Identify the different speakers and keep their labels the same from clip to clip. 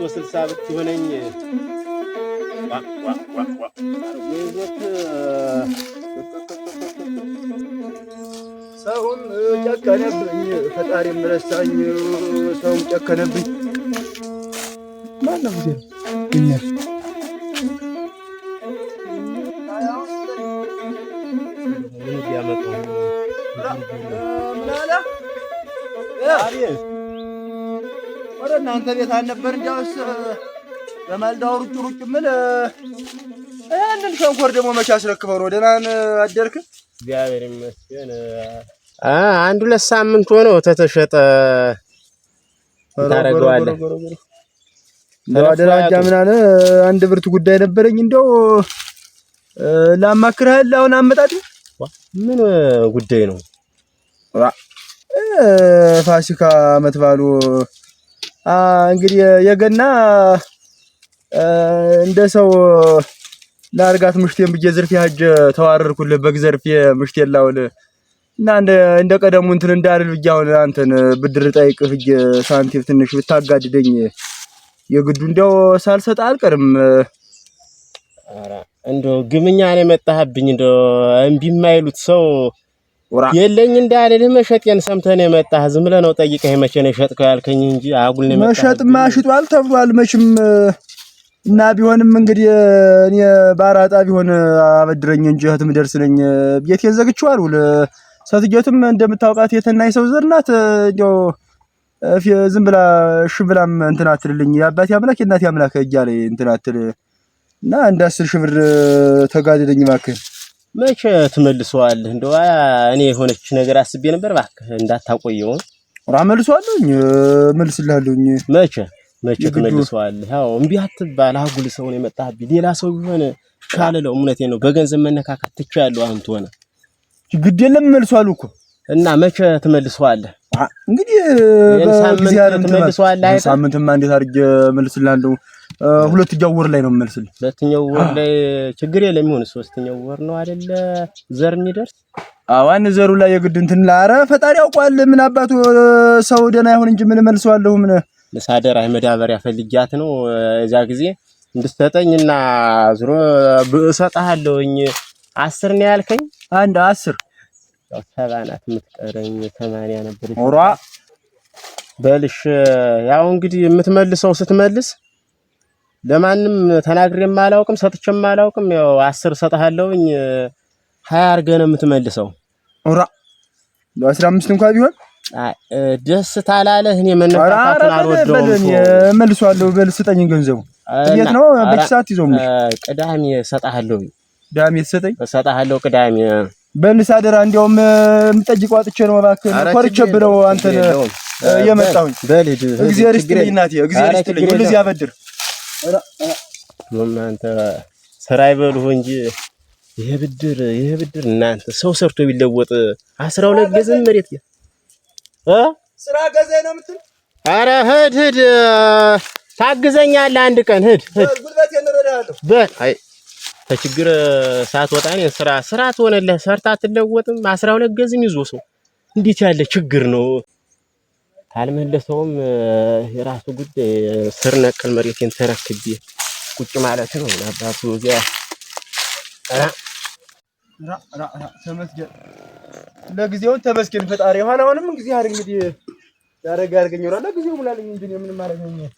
Speaker 1: መቶ ስልሳ ብት ሆነኝ ሰውም ጨከነብኝ፣ ፈጣሪ ምረሳኝ፣ ሰውም ጨከነብኝ። ማነው ጊዜ ነው አንተ ቤት አልነበር እንዲያውስ በማልዳው ሩጭ ሩጭ ምን ያንን ሸንኮር ደግሞ መቼ አስረክበው ነው? አደርክ?
Speaker 2: እግዚአብሔር ይመስገን።
Speaker 1: አንድ ሁለት ሳምንት ሆኖ ተተሸጠ።
Speaker 2: ታደርገዋለህ
Speaker 1: ደራጃ ምናምን አንድ ብርት ጉዳይ ነበረኝ እንደው ላማክርህ። አሁን አመጣጥ
Speaker 2: ምን ጉዳይ ነው?
Speaker 1: ፋሲካ አመት ባሉ እንግዲህ የገና እንደ ሰው ለአርጋት ምሽቴን ብዬ ዝርፌ ሀጅ ተዋረርኩልህ በግ ዘርፌ ምሽቴን ላውል እና እንደ ቀደሙ እንትን እንዳልል ብዬ አሁን አንተን ብድር ጠይቅ ጠይቅህ ሳንቲም ትንሽ ብታጋድደኝ የግዱ እንዲያው ሳልሰጥ አልቀርም።
Speaker 2: እንዶ ግምኛ ነው የመጣህብኝ። እንዶ እምቢ የማይሉት ሰው የለኝ እንዳልልህ መሸጤን ሰምተን የመጣህ ዝም ብለህ ነው ጠይቀህ መቼ ነው የሸጥከው ያልከኝ እንጂ አጉል ነው
Speaker 1: የመጣህ። መሸጥማ ሽጧል ተብሏል መቼም እና ቢሆንም እንግዲህ እኔ ባራጣ ቢሆን አበድረኝ እንጂ እህት ምደርስ ነኝ። ቤቴን ዘግቼዋል። ውል ሰትጀትም እንደምታውቃት የተናይ ሰው ዘር ናት። እንዲያው ዝም ብላ እሺ ብላም እንትን አትልልኝ። የአባቴ አምላክ የእናቴ አምላክ እያለ እንትን አትል እና እንዳስር ሺህ ብር ተጋደለኝ እባክህ
Speaker 2: መቼ ትመልሰዋለህ? እንደው እኔ የሆነች ነገር አስቤ ነበር። እባክህ እንዳታቆየው።
Speaker 1: ራ መልሰዋለሁኝ፣ መልስልሃለሁኝ።
Speaker 2: መቼ መቼ ትመልሰዋለህ? ያው እምቢ አትባል። አጉል ሰው ነው የመጣህብኝ። ሌላ ሰው ቢሆን ካልለው፣ እውነቴን ነው። በገንዘብ መነካካት ትችያለሁ። አንተ ሆነ
Speaker 1: ግድ የለም መልሰዋለሁ እኮ
Speaker 2: እና መቼ ትመልሰዋለህ? እንግዲህ በጊዜ አይደለም ትመልሰዋለህ።
Speaker 1: ሳምንትማ እንዴት አድርጌ መልስልሃለሁ ሁለተኛው ወር ላይ ነው የምመልስልህ።
Speaker 2: ሁለተኛው ወር ላይ ችግር የለም ይሁን። ሶስተኛው ወር ነው አይደለ ዘር የሚደርስ
Speaker 1: አዋን ዘሩ ላይ የግድ እንትን ላረ ፈጣሪ ያውቋል። ምን አባቱ ሰው ደህና ይሁን እንጂ ምን መልሰዋለሁ። ምን
Speaker 2: ለሳደራ መዳበሪያ ፈልጊያት ነው እዛ ጊዜ እንድትሰጠኝና ዝሮ እሰጥሃለሁኝ። አስር ነው ያልከኝ አንድ አስር ሰባ ናት የምትቀረኝ ሰማንያ ነበረች። ኦሯ በልሽ ያው እንግዲህ የምትመልሰው ስትመልስ ለማንም ተናግሬ አላውቅም ሰጥቼም አላውቅም። ያው አስር ሰጥሃለሁኝ ሀያ አድርገህ ነው የምትመልሰው።
Speaker 1: ኦራ አስራ አምስት እንኳ ቢሆን
Speaker 2: ደስ ታላለህ። እኔ
Speaker 1: መነካካቱን አልወደውም። መልሷለሁ። በል ስጠኝ ገንዘቡ የት ነው? በኪሳት ይዞ
Speaker 2: ቅዳሜ እሰጥሃለሁ።
Speaker 1: ቅዳሜ ትሰጠኝ?
Speaker 2: እሰጥሃለሁ ቅዳሜ
Speaker 1: በልስ አደራ። እንዲያውም የምጠይቀው አጥቼ ነው። እባክህ ኮርቼብህ ነው አንተን የመጣሁኝ። እግዚአብሔር ይስጥልኝ እናቴ፣ እግዚአብሔር ይስጥልኝ። ሁሉ እዚህ አበድር
Speaker 2: እናንተ ስራ ይበሉ እንጂ ይሄ ብድር ይሄ ብድር እናንተ ሰው ሰርቶ ቢለወጥ አስራ ሁለት ገዘን መሬት እ
Speaker 1: ስራ ገዘን ነው የምትል
Speaker 2: ኧረ ሂድ ሂድ ታግዘኛለህ አንድ ቀን ሂድ ሂድ በል አይ ከችግር ሰዓት ወጣ ስራ ስራ ትሆነለህ ሰርታ አትለወጥም አስራ ሁለት ገዝም ይዞ ሰው እንዴት ያለ ችግር ነው ካልመለሰውም የራሱ ጉዳይ ስር ነቀል መሬቴን ተረክቤ ቁጭ ማለት ነው። አባቱ እዚያ
Speaker 1: ተመስገን፣ ለጊዜውን ተመስገን ፈጣሪ። የኋላ አሁንም እንግዲህ አድርግ እንግዲህ ያደረገ ያድርገኝ ይሆናል። ለጊዜው ሙላለኝ እንጂ ምን ማድረግ ነው።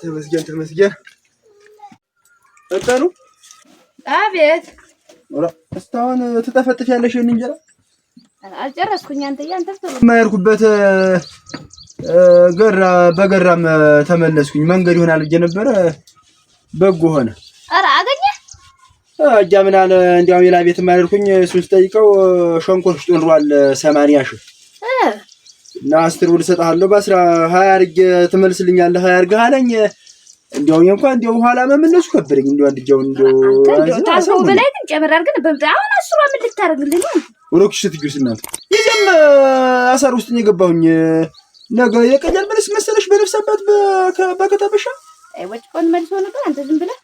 Speaker 1: ተመስገን ተመስገን። ፈጠኑ አቤት፣ እስካሁን ትጠፈጥፊያለሽ እንጀራ አልጨረስኩኝ። ገራ በገራም ተመለስኩኝ። መንገድ ይሆናል ብዬ ነበረ፣ በጎ ሆነ። ኧረ አገኘ እጃ ምን አለ እንዲያው ሌላ ቤት የማይርኩኝ እሱን ስጠይቀው ሸንኮር ሽጦ ኑሯል ሰማንያ ሺህ እና አስር ብር እሰጥሃለሁ በአስራ ሀያ አድርጌ ትመልስልኛለህ አድርገህ አለኝ እንዲያው እንኳን እንዲያው ኋላ መመለሱ ከበደኝ። እንዲያው እንዲያው እንዲያው
Speaker 3: ታስቦ በላይ ግን ጨመር አድርገን በምጣ አሁን አስሯ ምን ልታደርግልኝ
Speaker 1: ነው? ወሮክሽ ስትዩስ እናት ይዘም አሳር ውስጥ የገባሁኝ ነገ የቀየር መልስ መሰለሽ በልብስ አባት በከተበሻ
Speaker 3: ወጭ ቆን መልሶ ነበር። አንተ ዝም ብለህ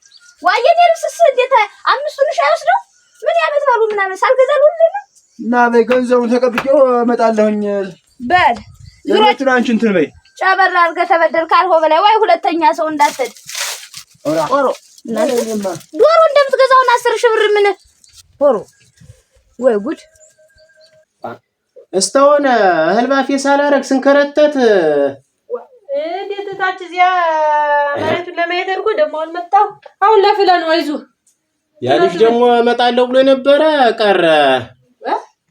Speaker 3: ዋየ ልብስስ እንዴት አምስቱን ሻ አይወስደው ምን ያመት ባሉ ምናምን ሳልገዛል ሁሉ ነው
Speaker 1: እና በይ ገንዘቡን ተቀብዬው እመጣለሁኝ። በል ዙሮችን አንቺ እንትን በይ
Speaker 3: ጨመር አድርገህ ተበደር ካልሆ በላይ ወይ ሁለተኛ ሰው እንዳትል ዶሮ እንደምትገዛውን አስር ሺህ ብር ምን ዶሮ ወይ ጉድ!
Speaker 2: እስካሁን እህል ባፌ ሳላረግ ስንከረተት
Speaker 3: እንዴት ታች እዚያ መሬቱን ለማየት አድርጎ ደግሞ አልመጣሁ። አሁን ለፍለ ነው አይዙ
Speaker 2: ያልሽ ደግሞ እመጣለሁ ብሎ የነበረ ቀረ።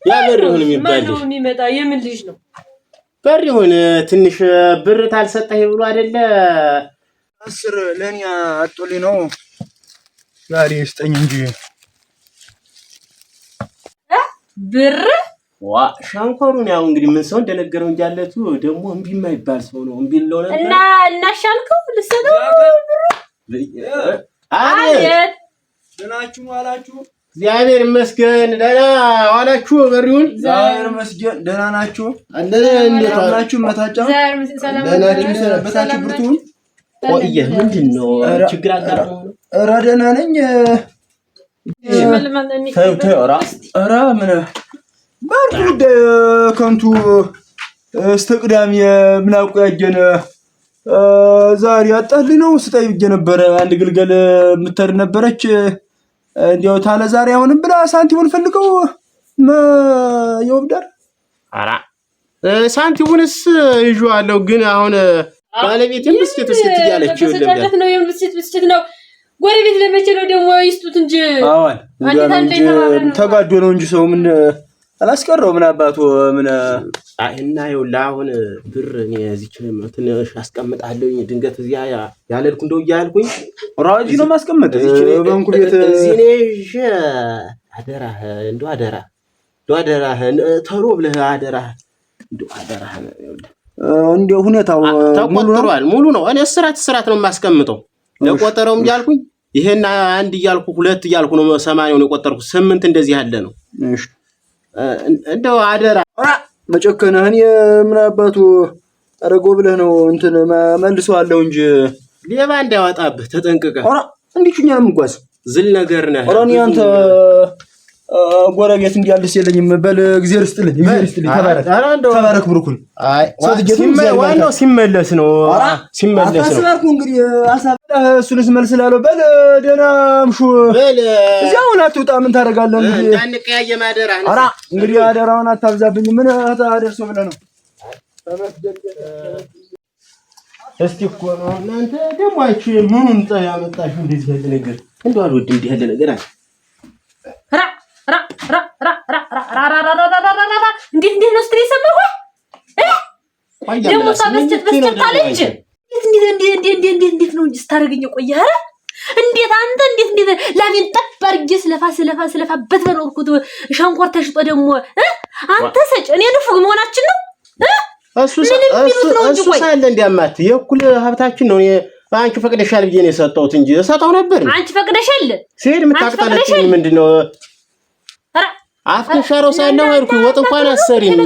Speaker 2: ያ በር ይሁን የሚባልሽ
Speaker 3: የሚመጣ የምን ልጅ ነው?
Speaker 2: በር ይሁን ትንሽ ብር ታልሰጠህ ብሎ አይደለ
Speaker 1: አስር ለእኔ አጡልኝ ነው ዛሬ ስጠኝ እንጂ
Speaker 3: ብር
Speaker 2: ዋ ሻንኮሩን ያው እንግዲህ ምን ሰው እንደነገረው እንጃለቱ ደግሞ እምቢ የማይባል ሰው ነው። እምቢ ለው
Speaker 3: ነበር እና እና እናሻልከው ልሰደው አቤት
Speaker 1: ደናችሁ ዋላችሁ።
Speaker 2: እግዚአብሔር ይመስገን ደና ዋላችሁ። በሪውን
Speaker 1: እግዚአብሔር ይመስገን ደና ናችሁ። አንደና እንዴት ዋላችሁ? መታጫ ደናችሁ ሰነበታችሁ ብርቱን
Speaker 2: ቆየህ ምንድን ነው ችግር አጋጥሞ ነው?
Speaker 1: ኧረ ደህና ነኝ።
Speaker 2: ኧረ ምን
Speaker 1: ጉዳይ ከንቱ እስከ ቅዳሜ የምናውቁ ያየን ዛሬ አጣል ነው ስጠይ ነበረ። አንድ ግልገል ነበረች። እንዲያው ታለ ዛሬ አሁንም ብላ ሳንቲሙን ፈልገው የወብዳር ኧረ ሳንቲሙንስ ይዤዋለሁ ግን አሁን ባለቤት
Speaker 3: ብስጭት ብስጭት እያለች ይኸውልህ ነው ብስጭት ብስጭት ነው። ጎረቤት ነው ደግሞ ይስጡት እንጂ
Speaker 1: ተጋዶ ነው እንጂ ሰው ምን አላስቀረው ምን አባቱ ምን
Speaker 2: እና ይኸውልህ ለአሁን ብር እኔ እዚች ትንሽ አስቀምጣለሁኝ ድንገት እዚያ ያለልኩ እንደው እያልኩኝ
Speaker 1: ራጂ ነው ማስቀመጥ በንኩ
Speaker 2: ቤት እዚህ አደራ አደራህ እንደው አደራህ እንደው አደራህ ተሮ ብለህ አደራ እንደው አደራህ
Speaker 1: እንደ ሁኔታው
Speaker 2: ተቆጥሯል። ሙሉ ነው። እኔ እስራት እስራት ነው የማስቀምጠው። ለቆጠረውም እያልኩኝ ይሄን አንድ እያልኩ ሁለት እያልኩ ነው ሰማንያውን የቆጠርኩ ስምንት እንደዚህ ያለ ነው። እንደው አደራ
Speaker 1: መጨከነህ እኔ ምን አባቱ አረጎ ብለህ ነው እንትን መልሰዋለሁ እንጂ
Speaker 2: ሌባ እንዳያወጣብህ ተጠንቅቀህ።
Speaker 1: ኧረ እንዴት እኛ ነው የምጓዝ
Speaker 2: ዝል ነገር ነህ።
Speaker 1: ኧረ እኔ አንተ ጎረቤት እንዲያልስ የለኝም። በል እግዚአብሔር ይስጥልኝ፣ እግዚአብሔር ይስጥልኝ። ተባረክ፣ ተባረክ። ብሩኩን
Speaker 2: ዋናው ሲመለስ ነው፣ ሲመለስ ነው።
Speaker 1: አስባርኩ እንግዲህ አሳብዳህ እሱንስ መልስ እላለሁ። በል ደህና ምሹ፣ በል እዚያው አትውጣ። ምን ታደርጋለህ
Speaker 2: እንግዲህ ማደራ
Speaker 1: እንግዲህ አደራውን አታብዛብኝ። ምን ታደርሰው ብለህ ነው? እስቲ እኮ ነው እናንተ ደግሞ አይቼ ምኑን ያመጣሽው እንደዚህ ያለ ነገር እንደው አልወድም። እንዲህ ያለ ነገር አለ እንዴት እንዴት ነው ስትል የሰማሁ ደግሞ እንዴት ነው ስታደርገኝ ቆየ? ኧረ እንዴት አንተ እንዴት እንዴት ላሜን ጠብ አድርጌ ስለፋ ስለፋ ስለፋበት በኖርኩት ሸንኮር ተሽጦ ደግሞ አንተ ሰጭ እኔ ንፉግ መሆናችን ነው። እሱ ሳለ እንዲያማት የእኩል ሀብታችን ነው። አንቺ ፈቅደሻል ብዬ ነው የሰጠሁት እንጂ እሰጠው ነበር። አንቺ ፈቅደሻል ሲሄድ የምታቅጠለችኝ ምንድን ነው? አፍሻሮ ሻረው ሳለው አልኩ ወጥ እንኳን አሰሪም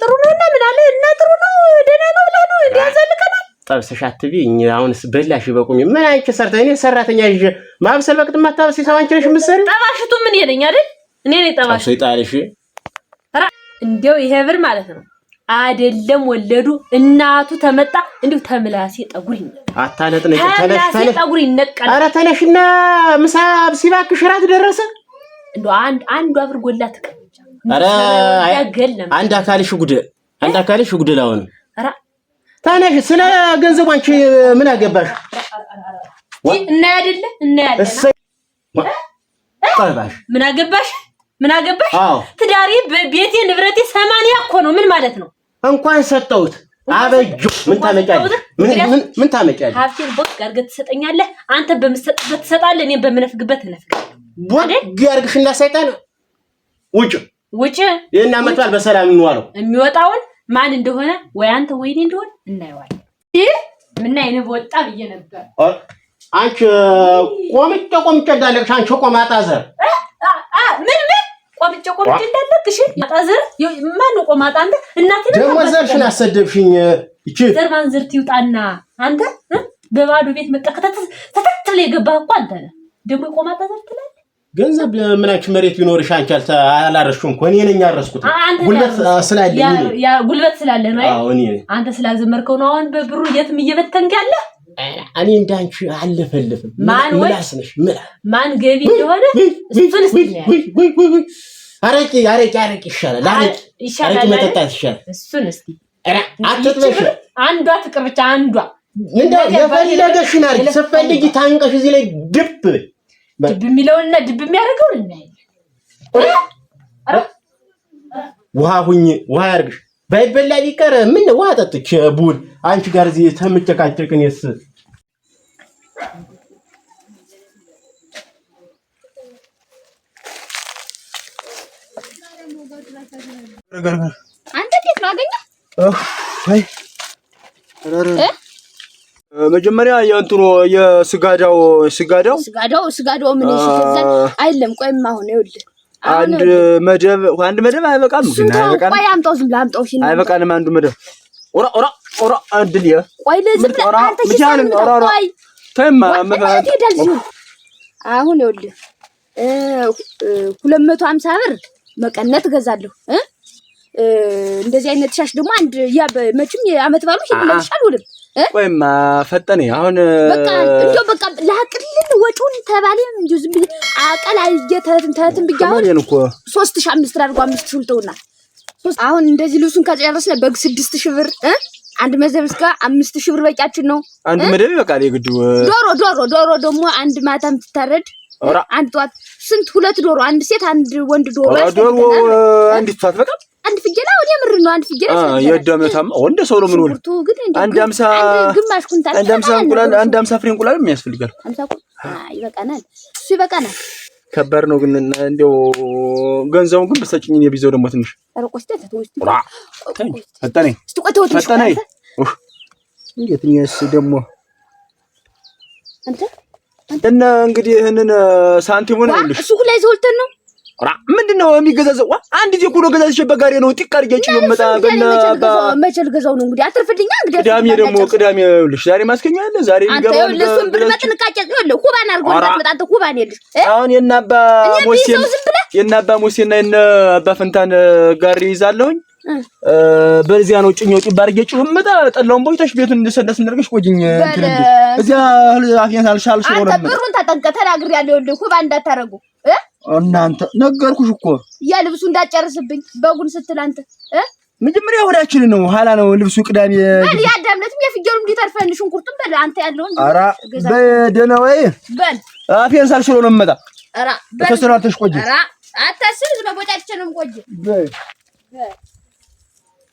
Speaker 1: ጥሩ ነው እና ምን አለ እና ጥሩ ነው ደህና ነው ብላ ነው እንዲያዘልከናል። ያዘልከናል። ጠብሰሽ አትቢ እኛ አሁንስ በላሽ በቁሚ ምን አንቺ ሰርተ እኔ ሰራተኛ ይዤ ማብሰል በቅጥ ማታበስ ይሳው አንቺ ነሽ ምሰሪ ጠባሽቱ ምን ይለኝ አይደል እኔ ነኝ ጠባሽ ሰይጣልሽ እንዴው ይሄ ብር ማለት ነው አይደለም ወለዱ እናቱ ተመጣ እንዲሁ ተምላሴ ጠጉር ይነቃል። አታለጥ ነጭ ተለሽ ተለሽ ጠጉር ይነቃል። ኧረ ተነሽና ምሳ ሲባክሽ እራት ደረሰ አንዱ አብር ጎላ ተቀምጫ አንድ አካልሽ ጉድ አንድ አካልሽ ጉድ ላሆነ ታናሽ ስለ ገንዘቡ አንቺ ምን አገባሽ? እና አይደለ እና ያለና ምን አገባሽ? ምን አገባሽ? ትዳሬ፣ ቤቴ፣ ንብረቴ ሰማንያ እኮ ነው። ምን ማለት ነው? እንኳን ሰጠሁት አበጆ ምን ታመጫለሽ? ምን ታመጫለሽ? ሀብቴን ቦክ አድርገህ ትሰጠኛለህ። አንተ በምትሰጥበት ትሰጣለህ፣ እኔም በምነፍግበት እነፍጋለሁ። ቦግ ያርግሽና ሰይጣን ውጭ ውጭ። ይህን ዓመት በዓል በሰላም እንዋለው። የሚወጣውን ማን እንደሆነ ወይ አንተ ወይኔ እንደሆነ እናየዋለን። ይህ ምና ይንብ ወጣ ብዬ ነበር። አንቺ ቆምጭ ቆምጭ እንዳለቅሽ አንቺ ቆማጣ ዘር ምን ምን ቆምጬ ቆምጬ እንዳለቅሽ ማጣ ዘር ማን ቆማጣ አንተ እናቴ ደግሞ ዘርሽን አሰደብሽኝ። እቺ ዘር ማን ዘር ትውጣና አንተ በባዶ ቤት መጣ ከተተተተለ የገባህ እኮ አንተ ነህ። ደግሞ ቆማጣ ዘር ትላለህ ገንዘብ ምናችሁ መሬት ቢኖርሽ አንቺ አላረሽኩም እኮ እኔ ነኝ ያረስኩት። ጉልበት ስላለኝ ጉልበት ስላለ ነው። አንተ ስላዘመርከው ነው። አሁን በብሩ የትም እየበተንክ ያለ እኔ እንዳንቺ አለፈልፍም። ማን ወይ ማን ገቢ እንደሆነ አረቂ አረቂ አረቂ ይሻላል። አረቂ መጠጣት ይሻላል። እሱን እስቲ አትጥለሽ። አንዷ ትቅር ብቻ አንዷ እንደው የፈለገሽን አድርጊ። ስትፈልጊ ታንቀሽ እዚህ ላይ ድብ ድብ የሚለውንና ድብ የሚያደርገው እናያለን። ውሃ ሁኝ ውሃ ያርግሽ። ባይበላ ቢቀር ምን ውሃ ጠጥች ቡል አንቺ ጋር እዚህ ተምጨቃጨቅን የስ አንተ እንዴት ነው አገኘ መጀመሪያ የእንትኑ የስጋዳው ስጋዳው ስጋዳው ስጋዳው ምን ይሽከዛል አይደለም። ቆይም አሁን ይኸውልህ አንድ መደብ አንድ መደብ አይበቃም፣ ግን አይበቃም። ቆይ አምጣው፣ ዝም ብለህ አምጣው። አይበቃንም። አንዱ መደብ ኦራ ኦራ ኦራ እድል የ ቆይ ለዝም ብለህ አንተ ይችላል። ኦራ ኦራ ተማ መባል አሁን ይኸውልህ 250 ብር መቀነት እገዛለሁ እ እንደዚህ አይነት ሻሽ ደግሞ አንድ ያ መቼም የዓመት ባሉ ይመልሻል ወደ ወይማ ፈጠኔ አሁን እንደው በቃ ላቅልን ወጪውን ተባለ እንጂ ዝም ብዬ ተትን አምስት አድርጎ አምስት ልተውና አሁን እንደዚህ ልብሱን ከጨረስን በግ ስድስት ብር አንድ መዘብ እስከ አምስት ብር በቂያችን ነው። አንድ መደብ ይበቃል። የግድ ዶሮ ዶሮ ዶሮ ደግሞ አንድ አንድ ጧት ስንት ሁለት ዶሮ፣ አንድ ሴት፣ አንድ ወንድ ዶሮ ዶሮ አንድ ጧት በቃ አንድ ፍየላ ወዲ ምር ነው። አንድ ፍየላ የደመታማ ወንድ ሰው ነው። ምን ሆነ? አንድ አምሳ ግማሽ ኩንታል አንድ አምሳ እንቁላል አንድ አምሳ ፍሬ እንቁላል የሚያስፈልጋል። ይበቃናል፣ እሱ ይበቃናል። ከባድ ነው ግን እንደው ገንዘቡን ግን ብትሰጪኝ እኔ ቢዘው ደግሞ ትንሽ ፈጠነኝ ፈጠነኝ እንዴት ነው ደግሞ አንተ እና እንግዲህ ይህንን ሳንቲሙን ይኸውልሽ፣ እሱ ላይ ይዘውልተን ነው። ራ ምንድን ነው የሚገዛዘው? አንድ ጊዜ ኩሎ ሲሸበ ጋር ነው ጢቃር ጌጭ ነው መጣ ገና መቼ ልገዛው ነው እንግዲህ አትርፍልኛ። እንግዲህ ቅዳሜ ደግሞ ቅዳሜ ይኸውልሽ፣ ዛሬ ማስከኛ አለ ዛሬ ይገባል። አንተ ይኸውልሽ፣ እሱን ብር በጥንቃቄ ይኸውልህ፣ ኩባን አልጎ እንዳትመጣ አንተ ኩባን ይኸውልሽ። አሁን የእነ አባ ሞሴን የእነ አባ ሞሴና የእነ አባ ፈንታን ጋር ይዛለሁኝ በዚያ ነው ጭኝ ወጪ ባርጌ ጭሁም መጣ ጠላውን ቦይታሽ ቤቱን እንደሰደስ እንደርግሽ ቆጅኝ ትልል እዚያ አፍያን አልሻል ሽሮ ነው። አንተ ብሩን ተጠንቀህ ተናግሬ ያለው ልኩ እንዳታረጉ እናንተ ነገርኩሽ እኮ ያ ልብሱ እንዳጨርስብኝ በጉን ስትል አንተ መጀመሪያ ወዳችን ነው ኋላ ነው ልብሱ ቅዳሜ በል ያዳምለትም የፍጀሩ እንዲተርፈን ሽንኩርቱን በል አንተ ያለውን ኧረ በደህና ወይ በል አፍያን ሳልሽሮ ነው መጣ ኧረ በል ተሰራርተሽ ቆጅ ኧረ አታስብ ዝም በቦጫችን ነው ቆጅ በል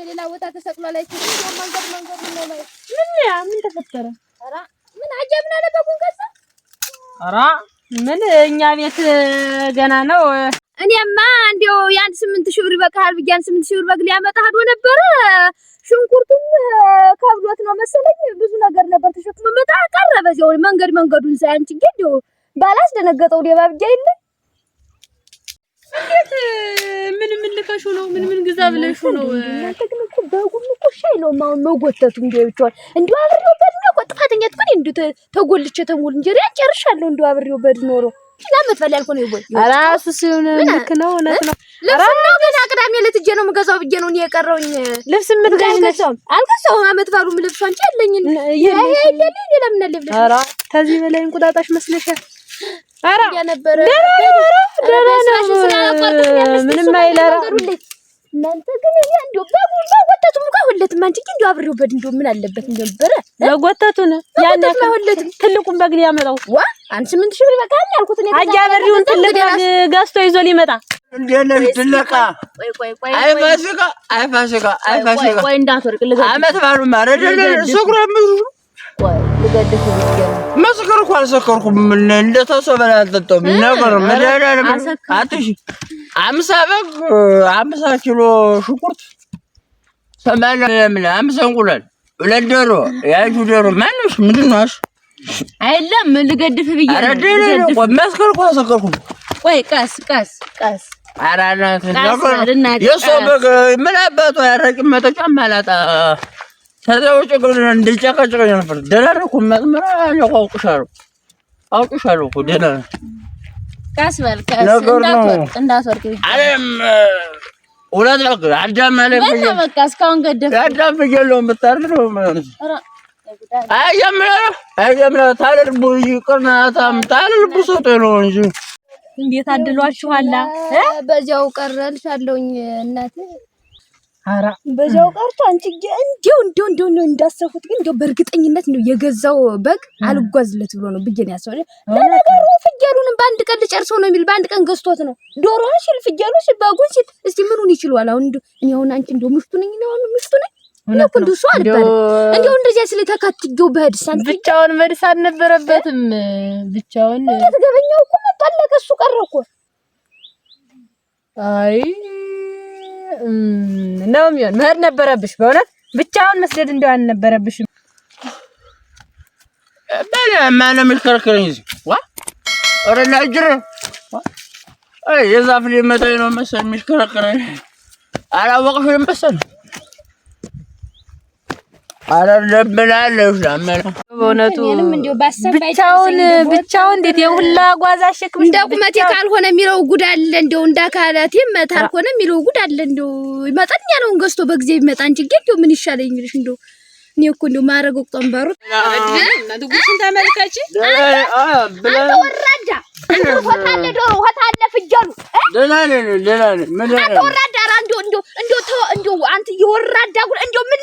Speaker 1: የሌላ ቦታ ተሰቅሎ ላይ መንገድ ነው ላይ ምን ያ ምን ተፈጠረ? ኧረ ምን አጀብና ምን ገዛ። ኧረ ምን እኛ ቤት ገና ነው። እኔማ እንዲያው የአንድ ስምንት ሺህ ብር ይበቃሃል ብዬሽ አንድ ስምንት ሺህ ብር በግ ሊያመጣ ሄዶ ነበረ። ሽንኩርቱም ከብሎት ነው መሰለኝ ብዙ ነገር ነበር ተሸክሞ መጣ ቀረ። በዚያው መንገድ መንገዱን ሳያንቺ እንግዲህ ባላስደነገጠው ሌባ ብዬሽ የለ እንዴት ምን ምን ልከሹ ነው? ምን ምን ግዛ ብለሹ ነው? እናንተ ግን እኮ በጉም እኮ እሺ አይለውም። አሁን መጎተቱ እንዴ ብቻዋል እንዴ አብሬው በድ ነው እኮ ጥፋተኛ ትኩኝ እንዴ ተጎልቼ ተሞል እንጀራን ጨርሻለሁ። እንዴ አብሬው በድ ኖሮ ለምን ትፈልያል እኮ ነው ይቦል አራሱ ሲሆን ልክ ነው። እውነት ነው። ልብስ ነው ገና ቅዳሜ ዕለት ነው የምገዛው ብዬ ነው የቀረውኝ ልብስ የምትገዢ ነሽ? አልገዛሁም። አመት ባሉም ልብሷን ቻለኝ ይሄ ይሄ ለምን ለምን ተዚህ በላይ እንቁጣጣሽ መስለሻል? ምንም አይለራ አብሬው በድ እንደው ምን አለበት ነበረ በጎተቱን ያን ሁለትም ትልቁን በግ ሊያመጣው ዋ አንቺ ምን ትሽብሪ በቃ ያልኩት ነው አጃበሪውን ትልቅ በግ ገዝቶ ይዞ ሊመጣ እንዴት ድለቃ? አይ ፋሲካ አይ ፋሲካ እንዳትወርቅ ልጋ አመት ባሉማ ረደ ሱቅ ነው መስከር እኮ አልሰከርኩም። እንደተሰበላ አልጠጣሁም ነበር። አምሳ በግ አምሳ ኪሎ ሽንኩርት አምሳ እንቁላል ሁለት ዶሮ ያጁ ዶሮ ማነሽ ምንድን ነው? አይለም ልገድፍ ብዬ መስከር እኮ አልሰከርኩም። ቆይ ቀስ ቀስ ቀስ ኧረ እናትህ የእሷ በግ ምን አባቷ ያረቂም መጠጫም አላጣ ከዛ ውጭ ግን እንድጨቀጭቀኝ ነበር። ደህና ነው እኮ መጀመሪያ አውቅሻለሁ አውቅሻለሁ እኮ ደህና ነው። ቀስ በል ቀስ እንዳትወርቅ አለም አይደለም ሁለት በል አዳም በቃ እስካሁን አዳም ነው ማለት ነው። አይጀምረው አይጀምረው ታልልቡ ታም ታልልቡ ሰጦ ነው እንጂ እንዴት አድሏችኋላ። በዚያው ቀረልሻለሁኝ እናቴ አራ በዛው ቀርቶ አንቺ እንዲያው እንዲያው እንዲያው ነው እንዳሰፉት ግን እንዲያው በእርግጠኝነት ነው የገዛው በግ አልጓዝለት ብሎ ነው ብዬሽ ነው ያሰበው። ለነገሩ ፍየሉንም በአንድ ቀን ልጨርሰው ነው የሚል በአንድ ቀን ገዝቶት ነው ዶሮን ሲል ፍየሉን ሲል በጉን ሲል እስቲ ምኑን ይችላል? አሁን እንዲያው እኔ አሁን አንቺ እንዲያው ምሽቱ ነኝ ነው አሁን ምሽቱ ነኝ እኮ እንዲያው እሱ አልባል እንዴው እንደዚህ ስለ ተካትጌው በህድ ሳን ብቻውን መድስ አልነበረበትም። ብቻውን እንደት ገበኛው እኮ መጣለቀ እሱ ቀረ እኮ አይ ነው የሚሆን። መሄድ ነበረብሽ በእውነት ብቻውን መስደድ እንደው አልነበረብሽም። በል ማነው የሚሽከረከረኝ እዚህ ዋ ኦረና እጅር የዛፍ ሊመታኝ ነው መሰል የሚሽከረከረኝ አላወቅሽም መሰል በእውነቱ ብቻውን ብቻውን እንዴት የሁላ ጓዛ ሸክም እንደ ቁመቴ ካልሆነ የሚለው ጉድ አለ። እንደው እንደ አካላቴ ካልሆነ የሚለው ጉድ አለ። እንደው መጠን ያለውን ገዝቶ በጊዜ ቢመጣ እንጂ እንደው ምን ይሻለኝ ይልሽ እንደው እኔ እኮ እንደው ማድረግ ቀንበሩ ጉድሽን ተመልከች። አንተ ወራዳ ሆታለ ዶ ሆታለ ፍጀሉ ደህና ነኝ ደህና ነኝ። አንተ ወራዳ እንደው እንደው እንደው እንደው አንተ የወራዳ እንደው ምን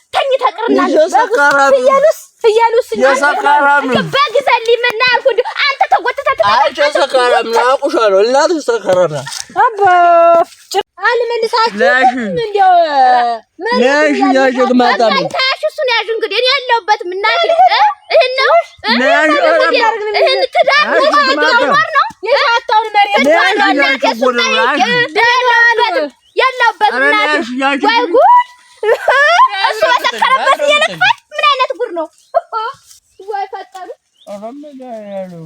Speaker 1: ተኝ ተቅርና ፍየሉስ ፍየሉስ በግ ዘሊም እና ያልኩህ አንተ ተጎትተህ ሰካራም ነው አውቁሻለሁ። እናትሽ ሰካራም ናት። አልመልሳችሁም። እንደው ነሽ ያዥ ግማታ ነው ታሽ እሱን ያዥ እንግዲህ እኔ የለሁበትም። እናቴ ይሄን ነው ይሄን ትዳር ነው የታጣውን መሬት ባሏ እናቴ እሱን የለሁበትም። እናቴ ወይ ጉድ እሱ በሰከረበት እየለፋች ምን አይነት ጉድ ነው? ወይ ፈጠሩ